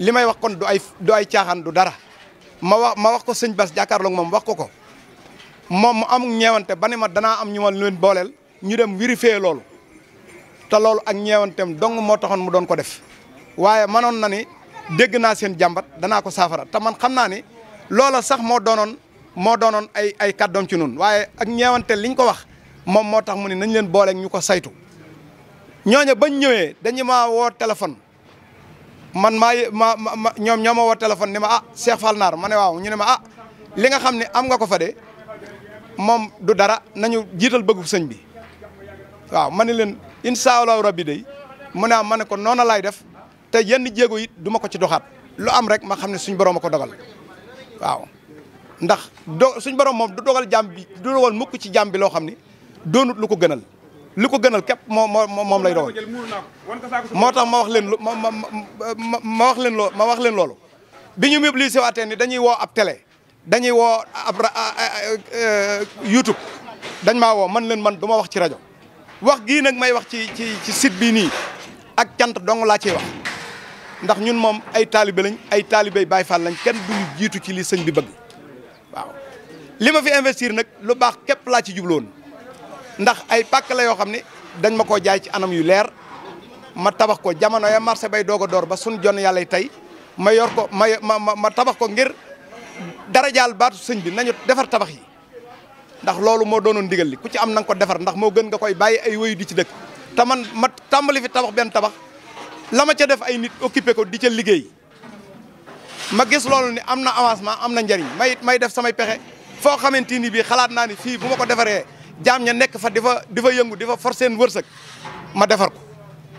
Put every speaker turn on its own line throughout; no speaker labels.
li may wax kon du ay du ay caaxaan du dara ma wax ma wax ko sëñ Bass jàkkaarloog moom wax ko ko moom mu am ñeewante ba ne ma danaa am ñu ma leen booleel ñu dem vérifier loolu te loolu ak ñeewanteem dong moo taxoon mu doon ko def waaye manoon na ni dégg naa seen jàmbat danaa ko saafara ta man xam naa ni loola sax moo doonoon moo doonoon ay ay kàddoom ci nun waaye ak ñeewante liñ ko wax moom moo tax mu ne nañ leen booleeg ñu ko saytu ñooña bañ ñëwee dañu maa woo téléphone man maa ma ma ñoom ñoo ma woo téléphone ni ma ah Cheikh Fall mane waaw ñu ne ma ah li nga xam ne am nga ko fa de moom du dara nañu jiital bëggu sëñ bi waaw ma ne leen incha allahu rabbi day mu ne ah ma ne ko noona laay def te yenn jéego yit du ma ko ci doxaat lu am rek ma xam ne suñ borom a ko dogal waaw ndax do suñ borom moom du dogal jàmm bi du dogal mukk ci jàmm bi loo xam ne doonut lu ko gënal. li ko gënal képp moo moo moom lay doon moo tax ma wax leen ma ma ma wax leen ma wax leen loolu bi ñu mobilisé waatee ni dañuy woo ab tele dañuy woo ab euh, YouTube dañ maa woo man leen man du wax ci rajo wax gii nag may wax ci ci ci site bii nii ak cant dong laa ciy wax ndax ñun moom ay taalibe lañ ay taalibey Baay Faal lañ kenn duñu jiitu ci li sëñ bi bëgg waaw li ma fi investir nag lu baax képp laa ci jubloon ndax ay pakk la yoo xam ne dañ ma ko jaay ci anam yu leer ma tabax ko jamono ya marché bay doog a door ba suñ jon yàlla tey ma yor ko ma ma ma tabax ko ngir dara jaal baatu sëñ bi nañu defar tabax yi ndax loolu moo doonoon ndigal li ku ci am na nga ko defar ndax moo gën nga koy bàyyi ay wéyu di ci dëkk te man ma tàmbali fi tabax benn tabax la ma ca def ay nit occupé ko di ca liggéey ma gis loolu ni am na avancement am na njëriñ may may def samay pexe foo xamante ni bii xalaat naa ni fii bu ma ko defaree jaam ña nekk fa di fa di fa yëngu di fa for seen wërsëg ma defar ko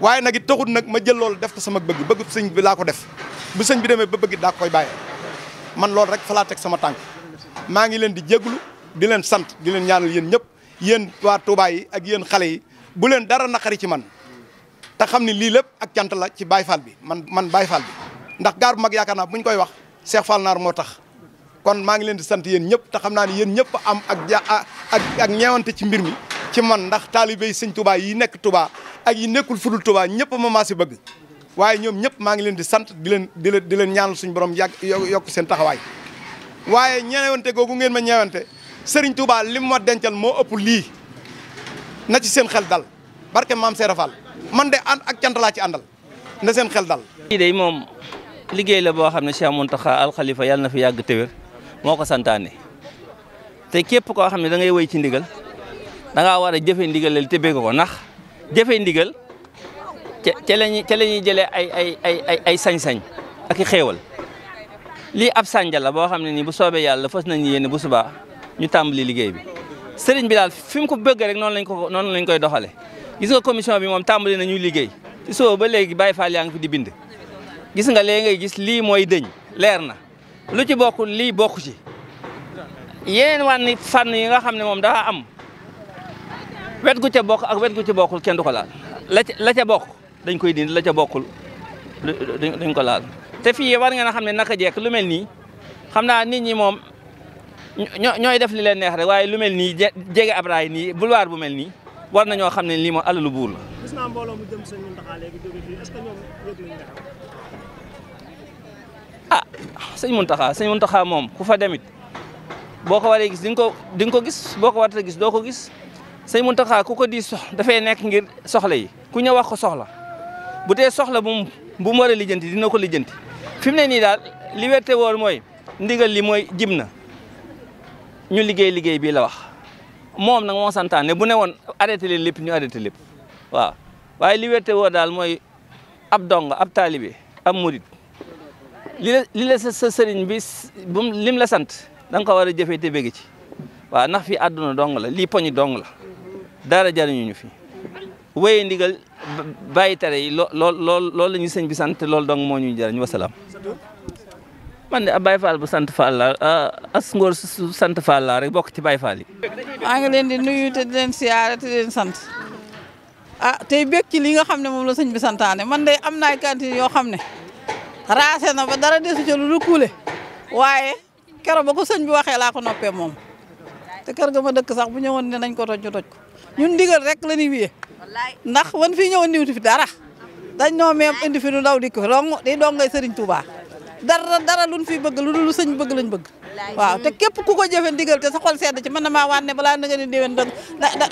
waaye nag it taxut nag ma jël loolu def ko sama bëgg bëgg sëñ bi laa ko def bu sëñ bi demee ba bëgg daa koy bàyyi man loolu rek fa laa teg sama tànk maa ngi leen di jéglu di leen sant di leen ñaanal yéen ñëpp yéen waa Touba yi ak yéen xale yi bu leen dara naqari ci man te xam ne lii lépp ak cant la ci baay Fall bi man man Baye Fall bi ndax gaar bu mag yaakaar naa bu ñu koy wax Cheikh Fall Naar moo tax kon maa ngi leen di sant yéen ñëpp te xam naa ne yéen ñëpp am ak ja ak ak ñeewante ci mbir mi ci man ndax taalibe yi sëñ Touba yi nekk tubaa ak yi nekkul fudul Touba ñëpp ma maa si bëgg waaye ñoom ñëpp maa ngi leen di sant di leen di leen di leen ñaanal suñu borom yàgg yokk seen taxawaay waaye ñeewante googu ngeen ma ñeewante sëriñ Touba li mu ma dencal moo ëpp lii na ci seen xel dal barke maam Seera Fall man de ànd ak cant laa ci àndal na seen xel dal.
kii de moom liggéey la boo xam ne Cheikh Mountakha Al Khalifa yàlla na fi yàgg te moo ko santaane te képp koo xam ne dangay ngay woy ci ndigal danga war a jëfe ndigalal te bëgg ko ndax jëfe ndigal ca la ñuy ca la ñuy jëlee ay ay ay ay ay sañ-sañ ak i lii ab sànja la boo xam ne nii bu soobee yàlla fas nañu yéene bu subaa ñu tàmbali liggéey bi sëriñ bi daal fi ko bëgg rek noonu lañ ko noonu lañ koy doxale gis nga commission bi moom tàmbali nañu liggéey ci suba ba léegi Baye Fall yaa ngi fi di bind gis nga léegi ngay gis lii mooy dëñ leer na lu ci bokkul lii bokk ci yeneen wànni fànn yi nga xam ne moom dafa am wet gu ca bokk ak wet gu ca bokkul kenn du ko laal la ca la ca bokk dañ koy dindi la ca bokkul dañ ko laal te fii war ngeen a xam ne naka jekk lu mel nii xam naa nit ñi moom ñooy def li leen neex rek waaye lu mel nii jege ab raay nii boulevard bu mel nii war nañoo xam ne lii moom alalu buur la.
mbooloo mu jëm sëñ
ah sëñ Mountakha sëñ Mountakha moom ku fa demit boo ko waree gis di ko di ko gis boo ko warta gis doo ko gis sëñ Mountakha ku ko di sox dafay nekk ngir soxla yi ku ñëw wax ko soxla bu dee soxla bu bu mu war a lijjanti dina ko lijjanti fi mu ne nii daal li wérte mooy ndigal li mooy jib na ñu liggéey liggéey bii la wax moom nag moo santaane bu ne woon arrêté leen lépp ñu arrêté lépp waaw waaye li wérte daal mooy ab dong ab taalibe ab murit li la sa sa sëriñ bi bum lim la sant danga ko war a jëfee te bëgg ci waaw ndax fi àdduna dong la lii poñi dong la dara jariñu ñu fi wéye ndigal bàyyi tere yi loo lool lool loolu ñu sëñ bi sant loolu dong moo ñuy jariñ wasalaam man de a Baye Fall bu sant Fall laa as ngoor su sant Fall laa rek bokk ci Baye Fall yi.
maa leen di nuyu te leen siyaare te leen sant ah tey bég ci li nga xam ne moom la sëñ bi santaane man de am na ay yoo xam ne. raase na ba dara desu ca lu dul kuule waaye keroog ba ko sëñ bi waxee laa ko noppee moom te kër ga ma dëkk sax bu ñëwoon ne nañ ko toj ñu ko ñun digal rek la ñuy wiye ndax wan fii ñëwoon ndiwuti fi dara dañ noo meem indi fi lu ndaw di ko dong di dongay sëriñ Touba dara dara luñ fi bëgg lu dul lu sëñ bëgg lañ bëgg waaw te képp ku ko jëfe digal te sa xol sedd ci mën na maa wànne balaa nga ne déwén da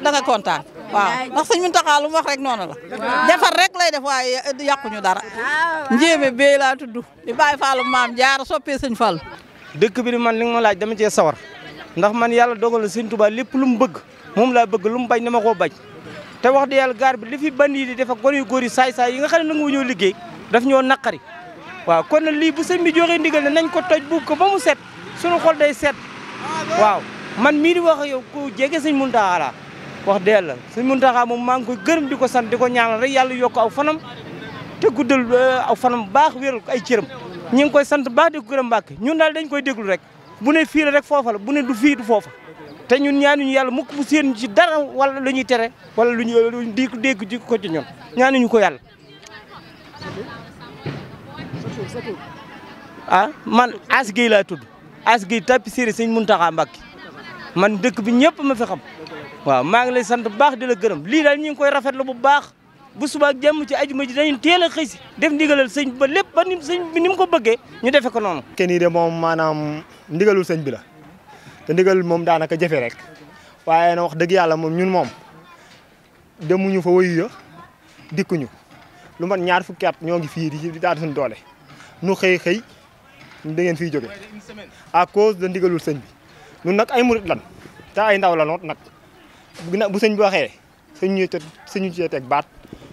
da nga kontaan waaw ndax sëñ Muntaxa lu mu wax rek noonu la defar rek lay def waaye yàquñu dara njéeme bee laa tudd di bàyyi faalu maam jaar soppee sëñ Fall dëkk bi di man li ma laaj dama cee sawar ndax man yàlla dogal na sëñ Tuubaa lépp lu mu bëgg moom laa bëgg lu mu bañ dama koo bañ te wax de yàlla gaar bi li fi ban yi di def ak gone yu góor yi saay-saay yi nga xam ne nangu ñoo liggéey daf ñoo naqari waaw kon nag lii bu sëñ bi joxe ndigal ne nañ ko toj buub ko ba mu set suñu xol day set waaw man mii di wax yow ku jege sëñ Muntaxa wax dee la suñ Muntaxa moom maa ngi koy gërëm di ko sant di ko ñaanal rek yàlla yokk aw fanam te guddal euh, aw fanam baax wéral ko ay cëram ñi ngi koy sant baax di ko gërëm Mbàkke ñun daal dañ koy déglu rek bu ne fii rek foofa la bu ne du fii foofa te ñun ñaanuñu yàlla mukk bu séen ci dara wala lu ñuy tere wala lu ñu di dégg ji ko ci ñoom ñaanuñu ko yàlla ah man As Gueye laa tudd As Gueye tapissier sëñ Muntaxa Mbàkke man dëkk bi ñëpp ma fi waaw maa ngi lay sant bu baax di la gërëm lii daal ñu ngi koy rafetlu bu baax bu subaak jàmm ci ajuma ji dañu teel a xëy si def ndigalal sëñ ba lépp ba ni sëñ bi ni mu ko bëggee ñu defe
ko noonu kenn yi de moom maanaam ndigalul sëñ bi la te ndigal moom daanaka jafe rek waaye na wax dëgg yàlla moom ñun moom demuñu fa wayu ya dikkuñu lu mat ñaar fukki at ñoo ngi fii di daal suñ doole nu xëy xëy da ngeen fiy jóge à cause de ndigalul sëñ bi ñun nag ay murit lan te ay ndaw la noot nag ginnaaw bu sëñ bi waxee sëñ ñu sëñu cee teg baat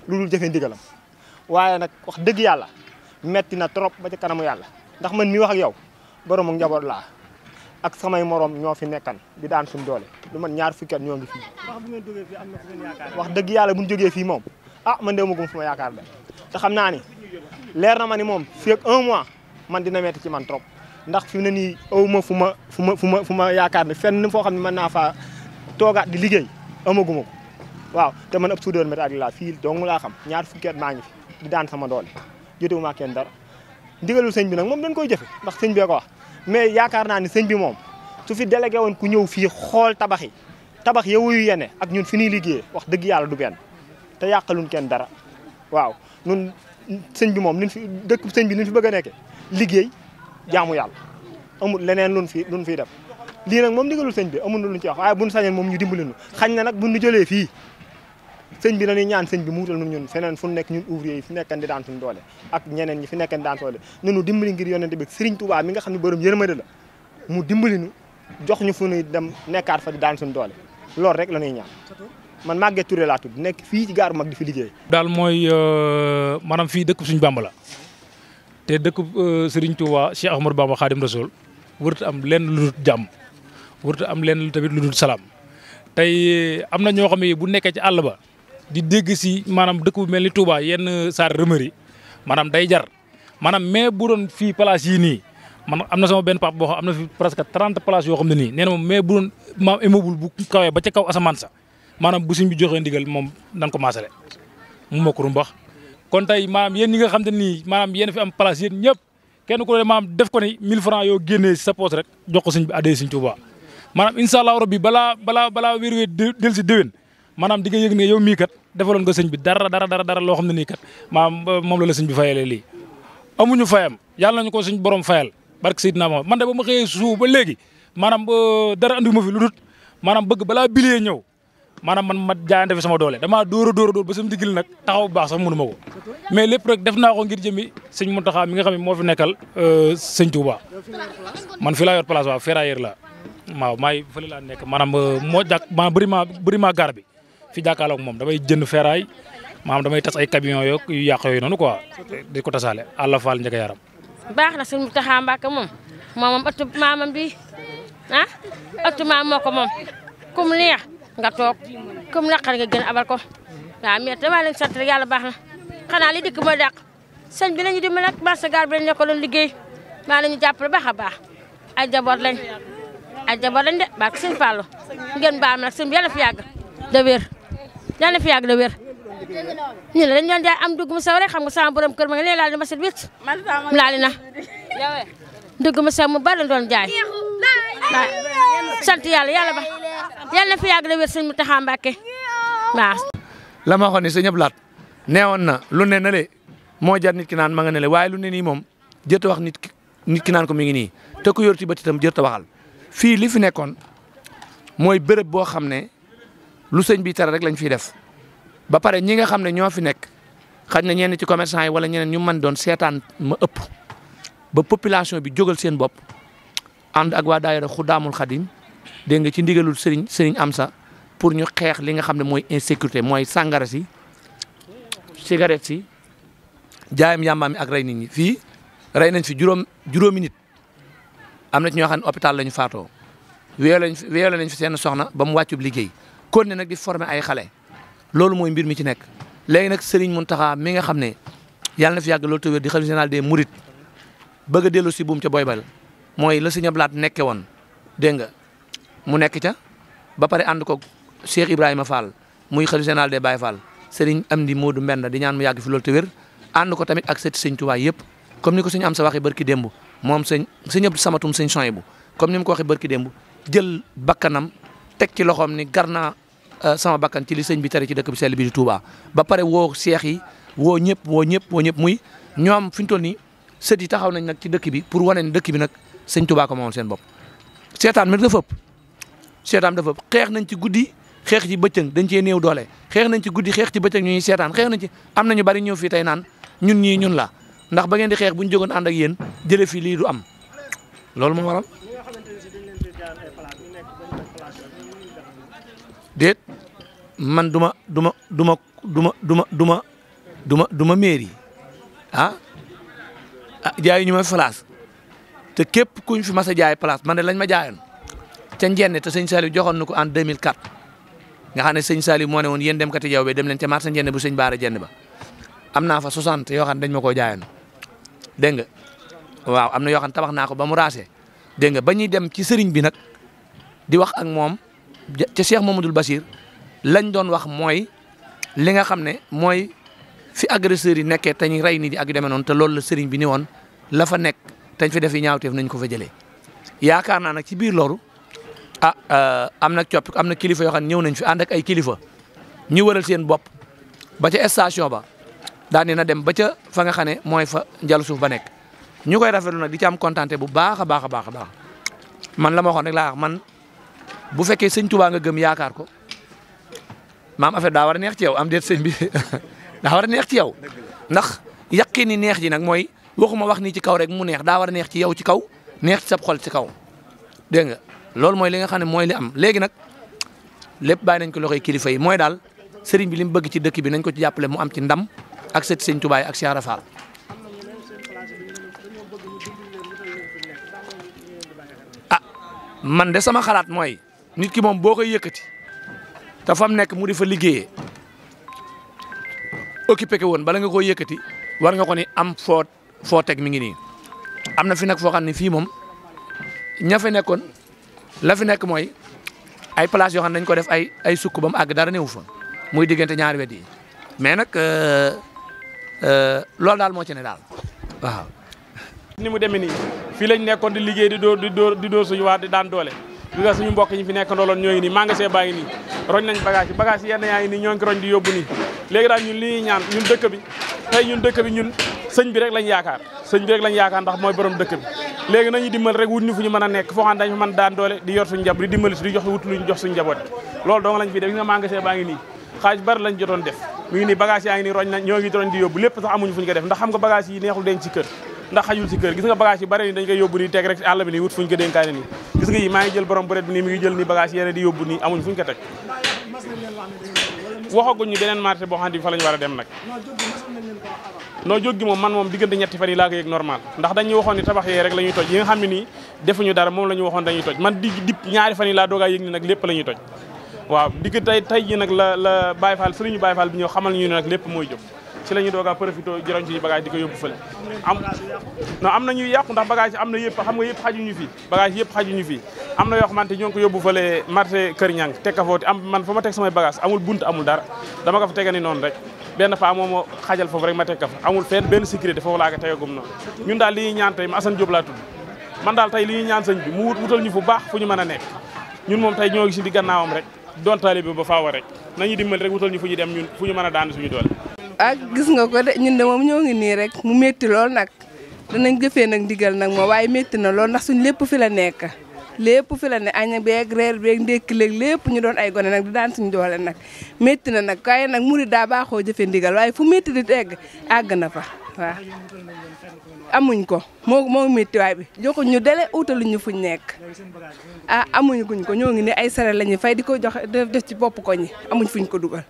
lu dul jëfe ndigalam waaye nag wax dëgg yàlla metti na trop ba ci kanamu yàlla ndax man mi wax ak yow borom ak njaboot laa ak samay morom ñoo fi nekkan di daan suñ doole lu man ñaar fukki at ñoo ngi fii wax dëgg yàlla bu ñu jógee fii moom ah man de magum fu ma yaakaar de te xam naa ni leer na ma ni moom fii ak un mois man dina metti ci man trop ndax fi mu nii aw ma fu ma fu ma fu ma yaakaar ne fenn foo xam ne naa faa toogaat di liggéey amaguma waaw te man ab soudeur métallique laa fii dong laa xam ñaar fukki at maa ngi fi di daan sama doole jotewuma kenn dara ndigalul sëñ bi nag moom dañ koy jëfe ndax sëñ bee ko wax mais yaakaar naa ni sëñ bi moom su fi délégué woon ku ñëw fii xool tabax yi tabax ya yene ak ñun fi ñuy liggéeyee wax dëgg yàlla du benn te yàqaluñ kenn dara waaw nun sëñ bi moom liñ fi dëkk sëñ bi liñ fi bëgg a nekke liggéey jaamu yàlla amul leneen luñ fi luñ fiy def lii nag moom ndigalul sëñ bi amul na lu ñu ci wax waaye buñ sañoon moom ñu dimbali ñu xañ na nag bu ñu jëlee fii sëñ bi na dañuy ñaan sëñ bi mu wutal nun ñun feneen fu nekk ñun ouvrier yi fi nekkan di ak ñeneen ñi fi nekkan di daan doole nunu dimbali ngir yonente bi sëriñ Tuubaa mi nga xam ne borom yërmande la mu dimbali ñu jox ñu fu dem nekkaat fa di daan suñu doole loolu rek la ñuy ñaan man Maguette Touré laa tudd nekk fii ci gaaru mag di fi liggéey
daal mooy euh, maanaam fii dëkk suñu Bàmba la te dëkk euh, Sëriñ Tuubaa Cheikh Ahmadou Bamba Xaadim Rasul wërta am leen lu jàmm warta am leen tamit lu dul salaam tey am na ñoo xam ne bu nekkee ci àll ba di dégg si maanaam dëkk bu mel ni Touba yenn saar rëmëri maanaam day jar maanaam mais bu doon fii place yii nii man am na sama benn pap boo xam am fi presque trente places yoo xam ne nii nee mais bu doon maam immeuble bu kaw asamaan sa maanaam bu suñ bi joxee ndigal moom nan ko maasale mu mokk rumbax kon tey maanaam yéen ñi nga xam te nii maanaam yéen fi am place yéen ñëpp kenn ku ne maanaam def ko ni 1000 francs yoo génnee si sa poos rek jox ko suñ bi addee suñ Touba maanaam incha allahu rabbi balaa balaa balaa wér wér del maanaam di nga yëg ne yow mii kat defaloon nga sëñ bi dara dara dara dara loo xam ne nii a maanaam moom la la sëñ bi fayalee lii fayam yàlla nañu ko suñ borom fayal barke Seydina Muhammad man de ba ma xëyee suuf ba léegi maanaam dara andiwuma fi lu dut maanaam bëgg balaa bilee ñëw maanaam man ma jaayante fi doole damaa dóor a dóor a dóor ba sama digil nag taxaw bu baax sax mënu ma ko mais lépp rek def naa ko ngir jëmi sëñ Mountakha mi nga xam ne moo fi nekkal euh, sëñ Touba man fi laa yor place waaw ferrailleur maaw maay fële laa nekk maanaam euh, moo jàk maanaam bërimaa bërimaa gar bi fi jàkkaarloog moom damay jënd ferraille maanaam damay tas ay camion yo yu yàq yooyu noonu quoi di ko tasaale àlla faal njëkk
baax na sëñ Mountakha Mbacké moom moom moom ëttu maamam bi ah ëttu maam ko moom kum nga toog kum naqar nga gën abal ko waaw mais damaa leen sant rek yàlla baax na xanaa li dikk mooy dàq sëñ bi lañu dimbali nag marché gar bi lañ ne ko doon liggéey maa la ñu jàppale baax a baax ay jaboot lañ ay jabar lañ de barke sëñ Fallou ngeen baal ma nag sëñ bi yàlla wér yàlla fi yàgg dañ doon jaay am dugg mu sew rek xam nga sama borom kër ma nga lee laal di ma na dugg mu sew mu bari lañ jaay sant yàlla yàlla ba yàlla na fi yàgg wér sëñ Mountakha Mbacké waaw
la ma waxoon ne sa ñëpp laat neewoon na lu ne na le moo jar nit ki naan ma ne le waaye lu ne moom jërta wax nit ki nit ki naan ko mi ngi nii te ku yorti ba itam jërta waxal fii li fi nekkoon mooy béréb boo xam ne lu sëñ bi tere rek lañ fiy def ba pare ñi nga xam ne ñoo fi nekk xaj na ñenn ci commerçant yi wala ñeneen ñu mën doon seetaan ma ëpp ba population bi jógal seen bopp ànd ak waa xu daamul Xadim dégg nga ci ndigalul sëriñ sëriñ Amsa pour ñu xeex li nga xam ne mooy insécurité mooy sàngara si cigarette si jaayam yàmbaam mi ak rey nit ñi fii rey nañ fi juróom juróomi nit am na ci ñoo xam ne hôpital la ñu faatoo weele nañ fi nañ fi seen soxna ba mu wàccub liggéey kon ne nag di former ay xale loolu mooy mbir mi ci nekk léegi nag Serigne taxaa mi nga xam ne yàlla na fi yàgg loolu te wér di xalifa général des mourides bëgg dellu si buum ca boy bal mooy la Serigne Abdou Lahad nekke woon dégg nga mu nekk ca ba pare ànd ko Cheikh Ibrahima Fall muy xalifa général des Baye am ndi Amdi Modou mbenn di ñaan mu yàgg fi loolu te wér ànd ko tamit ak sët yëpp comme ni ko sëñ am sa waxee barki démb moom sëñ sëñ Abdou Samatum sëñ Soy bu comme ni mu ko waxee barki démb jël bakkanam teg ci loxoom ni gar naa euh, sama bakkan ci li sëñ bi tere ci dëkk bi sell bi di Touba ba pare woo seex yi woo ñëpp woo ñëpp woo ñëpp muy ñoom fi ñu toll nii sët yi taxaw nañ nag ci dëkk bi pour wane dëkk bi nag sëñ Touba ko seen bopp. seetaan mi dafa ëpp seetaan dafa ëpp xeex nañ ci guddi xeex ci bëccëg dañ cee néew doole xeex nañ ci guddi xeex ci bëccëg ñuy seetaan xeex nañ ci am nañu bari ñëw fii tey naan ñun ñii ñun la ndax ba ngeen di xeex bu ñu jógoon ànd ak yéen jëlee fi lii du am loolu moo waral. déet man duma duma duma duma duma duma duma duma mairie ah ah jaayuñu ma place te képp kuñ fi mas a jaay place man de lañ ma jaayoon ca Njenne te sëñ Saliou joxoon na ko en 2004 nga xam ne sëñ Saliou moo ne woon yéen dem kati jaww be dem leen ca marché Njenne bu sëñ Baara Njenne ba am naa fa 60 yoo xam ne dañ ma koo jaayoon. dégg nga waaw am na yoo xam tabax naa ko ba mu raase dégg nga ba ñuy dem ci sëriñ bi nag di wax ak moom ca Cheikh Mamadou Bassir lañ doon wax mooy li nga xam ne mooy fi agresseurs yi nekkee te rey nii di ag yu demee noonu te loolu la seriñ bi ni woon la fa nekk tañ fi def yi ñaawteef nañ ko fa jëlee. yaakaar naa nag ci biir loolu ah euh, am na coppi am na kilifa yoo xam ne ñëw nañ fi ànd ay kilifa ñu wëral seen bopp ba ca station ba. daan na dem ba ca fa nga xam ne mooy fa njalu suuf ba nekk ñu koy rafetlu nag di ci am kontaante bu baax a baax a baax a baax man la ma waxoon rek laa wax man bu fekkee sëñ Tuubaa nga gëm yaakaar ko maam affaire daa war a neex ci yow am déet sëñ bi daa war a neex ci yow ndax yàqi neex ji nag mooy waxuma wax nii ci kaw rek mu neex daa war a neex ci yow ci kaw neex ci sab xol ci kaw dégg nga loolu mooy li nga xam ne mooy li am léegi nag lépp bàyyi nañ ko loxoy kilifa yi mooy daal sëriñ bi li mu bëgg ci dëkk bi nañ ko ci jàppale mu am ci ndam ak sët sëñ Tuubaa ak Cheikh Rafal ah man de sama xalaat mooy nit ki moom boo koy yëkkati te fam nekk mu di fa liggéeye occupé ko woon bala nga koy yëkkati war nga ko ni am foo foo teg mi ngi nii am na fi nag foo xam ne fii moom ña fa nekkoon la fi nekk mooy ay place yoo xam dañ ko def ay ay sukk ba mu àgg dara néew fa muy diggante ñaari wet yi mais nag euh, Euh, loolu daal moo ci ne daal waaw.
ni mu demee nii fii lañ nekkoon di liggéey di dóor di dóor di dóor suñu waa di daan doole di nga suñu mbokk ñi fi nekk ndooloon ñoo ngi nii magasin baa ngi nii roñ nañ bagage yi bagage yi yenn yaa ngi nii ñoo ngi roñ di yóbbu nii léegi daal ñun li ñuy ñaan ñun dëkk bi tey ñun dëkk bi ñun sëñ bi rek lañ yaakaar sëñ bi rek lañ yaakaar ndax mooy borom dëkk bi léegi nañu dimbal rek wut ñu fu ñu mën a nekk foo xam daan doole di yor suñu jab di dimbali di jox wut luñu jox suñu jaboot loolu doonga lañ fi ngi nii xaaj bari lañ jotoon def mi ngi nii bagage yaa ngi nii roñ na ñoo ngi roñ di yóbbu lépp sax amuñu fu ñu ko def ndax xam nga bagage yi neexul denc ci kër ndax xajul ci kër gis nga bagage yi bare ni dañ koy yóbbu nii teg rek ko dénkaane nii gis maa ngi jël borom bëret jël nii bagage yeneen di yóbbu nii amuñ fu ñu ko teg waxaguñ beneen marché boo xam ne fa lañu war a dem nag noo jóggi moom man moom diggante ñetti fan yi laa ko yëg normal ndax dañuy waxoon ni tabax yee rek la ñuy toj yi nga xam ne nii defuñu dara moom la ñu waxoon dañuy toj man di dip ñaari fa laa doogaa yëg ni la ñuy toj waaw digg tey tey jii nag la la Baye Fall sëriñu Baye Fall bi ñëw xamal ñu ne nag lépp mooy jóg ci la ñu doog a profité jëroñ ci bagage di yóbbu fële am non am na ñuy yàqu ndax bagage am na yëpp xam nga yëpp xajuñu fii bagage yëpp xajuñu fii am na yoo xamante ñoo ngi ko yóbbu fële marché Kër Ñang teg am man fa ma teg samay bagage amul bunt amul dara dama ko fa tegani noonu rek benn paa moom moo xajal foofu rek ma teg ka benn amul fenn foofu laa ko tegagum noonu ñun daal li ñuy ñaan tey ma Assane Diop man daal tey li ñuy ñaan sëñ bi mu wutal ñu fu baax fu ñu mën a nekk ñun moom tey ñoo ngi si di gannaawam rek doon bi ba faawo rek nañu dimbali rek wutal ñu fu ñu dem ñun fu ñu man a daan suñu doole.
a ah, gis nga ko de ñun de moom ñoo ngi nii rek mu métti lool nag danañ jëfee nag ndigal nag moom waaye métti na lool ndax suñ lépp fi la nekk lépp fi la ne añ beeg reer beeg léeg lépp ñu doon ay gone nag di daan suñu doole nag métti na nag waaye nag murid daa baaxoo jëfe ndigal waaye fu metti di egg àgg na fa waaw amuñ ko moo moo méttiwaay bi joxuñ ñu dele utaluñ ñu fuñ nekk a ah, amuñ kuñ ko ñoo ngi ne ay sare lañu fay di ko jox def ci bopp ko ñi amuñ fuñ ko dugal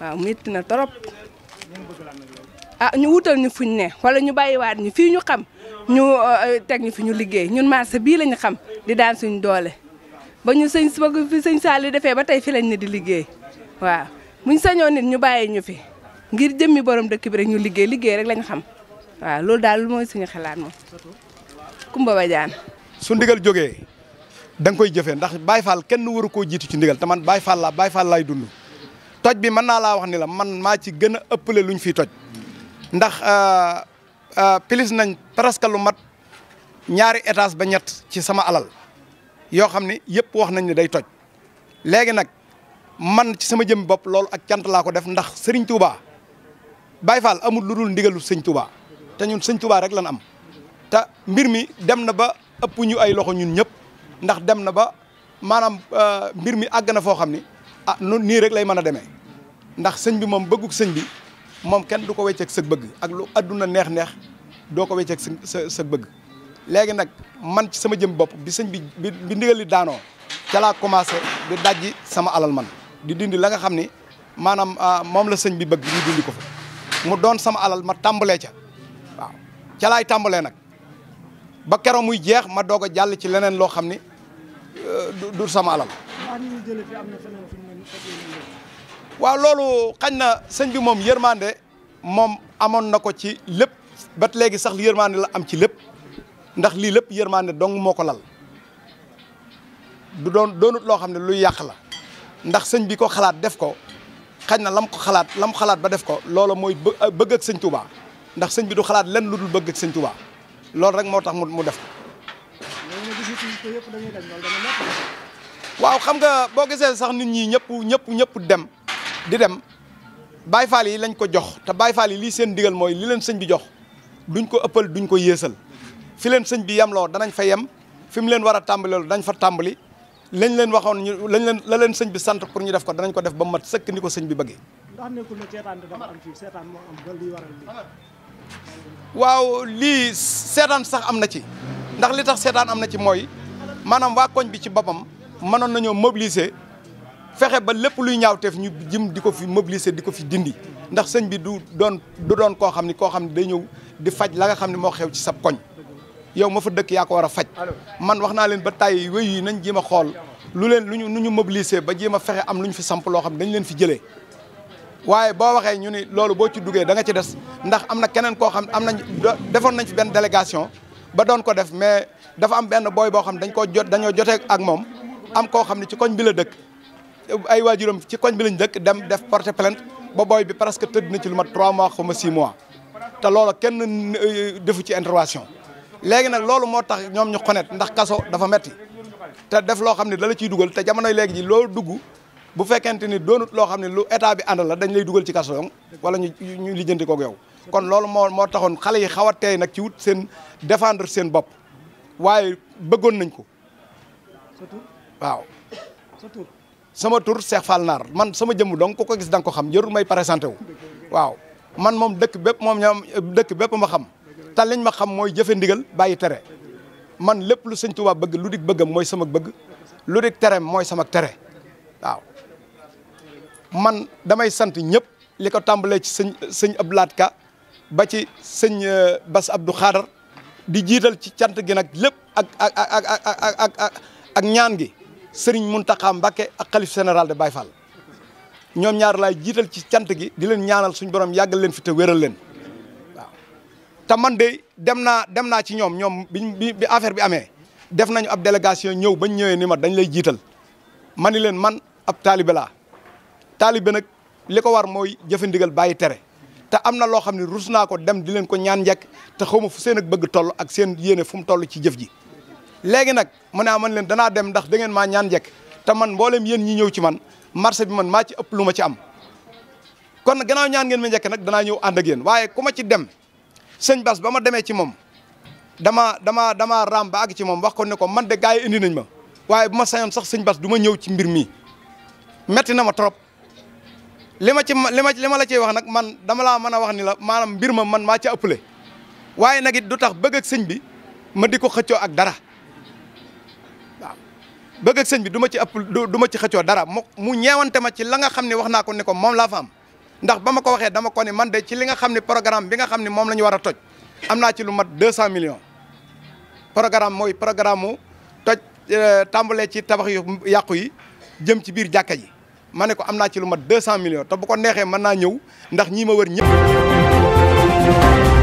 waaw yitti na trop ah ñu wutal ñu fuñ ne wala ñu bàyyiwaat ñu fii ñu xam ñu eh, eh, teg ñu fi ñu liggéey ñun marché bii lañu xam di daan suñ doole ba ñu sëñ ba fi sëñ Saliou defee ba tey fi lañ ne di liggéey waaw buñ sañoon nit ñu bàyyi ñu fi ngir jëmmi borom dëkk bi rek ñu liggéey liggéey rek lañ xam waaw loolu daal mooy suñu xalaat moom Kumba Badiane
su ndigal jógee da koy jëfee ndax Baye Fall kenn waru koo jiitu ci ndigal te man Baye Fall laa Baye Fall dund toj bi mën naa laa wax ni la man maa ci gën a ëppale luñ fiy toj ndax euh, euh, pilis nañ presque lu mat ñaari étage ba ñett ci sama alal yoo xam ne yëpp wax nañ ne day toj léegi nag man ci sama jëm bopp loolu ak cant laa ko def ndax Serigne Touba Baye Fall amul lu dul ndigalu sëñ Touba te ñun sëñ Touba rek lan am ta mbir mi dem na ba ëpp ay loxo ñun ñëpp ndax dem na ba maanaam euh, mbir mi àgg na foo xam ni ah noonu nii rek lay mën a demee ndax sëñ bi moom bëgguk sëñ bi moom kenn du ko wecceeg sa bëgg ak lu adduna neex-neex doo ko wecceeg sa sa sa bëgg. léegi nag man ci sama jëm bopp bi sëñ bi bi ndigal li daanoo ca laa commencé di dajji sama alal man di dindi la nga xam ni maanaam ah, moom la sëñ bi bëgg ñu dindi ko fa. mu doon sama alal ma tàmbalee ca waaw calaay laay tàmbalee nag ba keroog muy jeex ma doog a jàll ci leneen loo xam ni euh, du sama alal. waaw loolu xañ na sëñ bi moom yërmande moom amoon na ko ci lépp bat léegi sax yërmande la am ci lépp ndax lii lépp yërmaande dong moo ko lal du doon doonut loo xam ne luy yàq la ndax sëñ bi ko xalaat def ko. xaj na lam ko xalaat lam xalaat ba def ko loola mooy ah, bëgg ak sëñ Touba ndax sëñ bi du xalaat lenn lu dul bëgg ak sëñ Touba loolu rek moo tax mu mu def ko. waaw xam nga boo gisee sax nit ñi ñëpp ñëpp ñëpp dem di dem Baye Fall yi lañ ko jox te Baye Fall yi lii seen digal mooy li leen sëñ bi jox duñ ko ëppal duñ ko yéesal fi leen sëñ bi yemloo danañ fa yem fi mu leen war a tàmbaleel dañ fa tàmbali. lañ leen waxoon ñu lañ leen la leen sëñ bi sant pour ñu def ko danañ ko def ba mat sëkk ni ko sëñ bi bëggee.
ndax nekkul ne seetaan dafa am fii seetaan moo am ba li waral
waaw lii seetaan sax am na ci ndax li tax seetaan am na ci mooy maanaam waa koñ bi ci boppam mënoon nañoo mobiliser fexe ba lépp luy ñaawteef ñu jëm di ko fi mobiliser di ko fi dindi ndax sëñ bi du doon du doon koo xam ni koo xam ni day ñëw di faj la nga xam ni moo xew ci sab koñ. yow ma fa dëkk yaa ko war a faj man wax naa leen ba tàyyi wéy yi nañ jéem a xool lu leen lu ñu nu ñu mobiliser ba jéem a fexe am lu ñu fi samp loo xam ne dañ leen fi jëlee waaye boo waxee ñu ni loolu boo ci duggee da nga ci des ndax am na keneen koo xam am nañ defoon nañ fi benn délégation ba doon ko def mais dafa am benn booy boo xam dañ koo jot dañoo jotee ak moom am koo xam ne ci koñ bi la dëkk ay waajuram ci koñ bi lañ dëkk dem def porter plainte ba booy bi presque tëdd na ci lu mat 3 mois xaw ma 6 mois te loolu kenn euh, defu ci intervention léegi nag loolu moo tax ñoom ñu xonet ndax kaso dafa metti te def loo xam ne dala ciy dugal te jamonoy léegi ji loolu dugg bu fekkente ni doonut loo xam ne lu état bi àndal la dañ lay dugal ci kaso yoon wala ñu ñu lijjanti koog yow kon loolu moo moo taxoon xale yi xaw a teey nag ci wut seen défendre seen bopp waaye bëggoon nañ ko waaw sama tur Cheikh Fall Nar man sama jëmm donc ko ko gis da ko xam jërul may présenté wu waaw man moom dëkk bépp moom ñoom dëkk bépp ma xam te ma xam mooy jëfe ndigal bàyyi tere man lépp lu sëñ Tuubaa bëgg lu dik bëggam mooy sama bëgg lu dik tere mooy sama tere waaw man damay sant ñëpp li ko tàmbalee ci sëñ sëñ Abdou Ka ba ci sëñ euh, Bass Abdou Khadar di jiital ci cant gi nag lépp ak ak ak ak ak ak ñaan gi sëriñ Mountakha Mbacké ak xalif général de Baye Fall ñoom ñaar laay jiital ci cant gi di leen ñaanal suñu borom yàggal leen fi te wéral leen te man de dem naa dem naa ci ñoom ñoom bi bi affaire bi amee def nañu ab délégation ñëw bañ ñëwee ni ma dañ lay jiital ma ni leen man ab taalibe laa taalibe nag li ko war mooy jëfe ndigal bàyyi tere te am na loo xam ne rus naa ko dem di leen ko ñaan njekk te xaw ma fu seen ak bëgg toll ak seen yéene fu mu toll ci jëf ji léegi nag mu ne ah, man leen danaa dem ndax da ngeen maa ñaan njekk te man mboolem yéen ñi ñëw ci man marché bi man maa ci ëpp lu ma ci am kon gannaaw ñaan ma njekk nag danaa ñëw ànd ak waaye ku ma ci dem sëñ Bas ba ma demee ci moom dama dama dama raam ba àgg ci moom wax ko ko man de gars yi indi nañ ma waaye bu ma sañoon sax sëñ Bas du ma ñëw ci mbir mi metti na ma trop li ma ci li ma li ma la ciy wax nag man dama laa mën a wax ni la maanaam mbir ma man maa ca ëppale waaye nag it du tax bëgga ak sëñ bi ma di ko xëccoo ak dara waaw bëgg bi du ma ci ëpp du ma ci xëccoo dara mu ñeewante ma ci la nga xam ne wax naa ko ne ko moom laa faam ndax ba ma ko waxee dama ko ne man de ci li nga xam ne programme bi nga xam ne moom la ñu war a toj am naa ci lu mat deux cent millions programme mooy programme mu toj euh, tàmbalee ci tabax yu yàqu yi jëm ci biir jàkka yi ma ne ko am naa ci lu mat deux cent millions te bu ko neexee mën naa ñëw ndax ñii ma wër ñëpp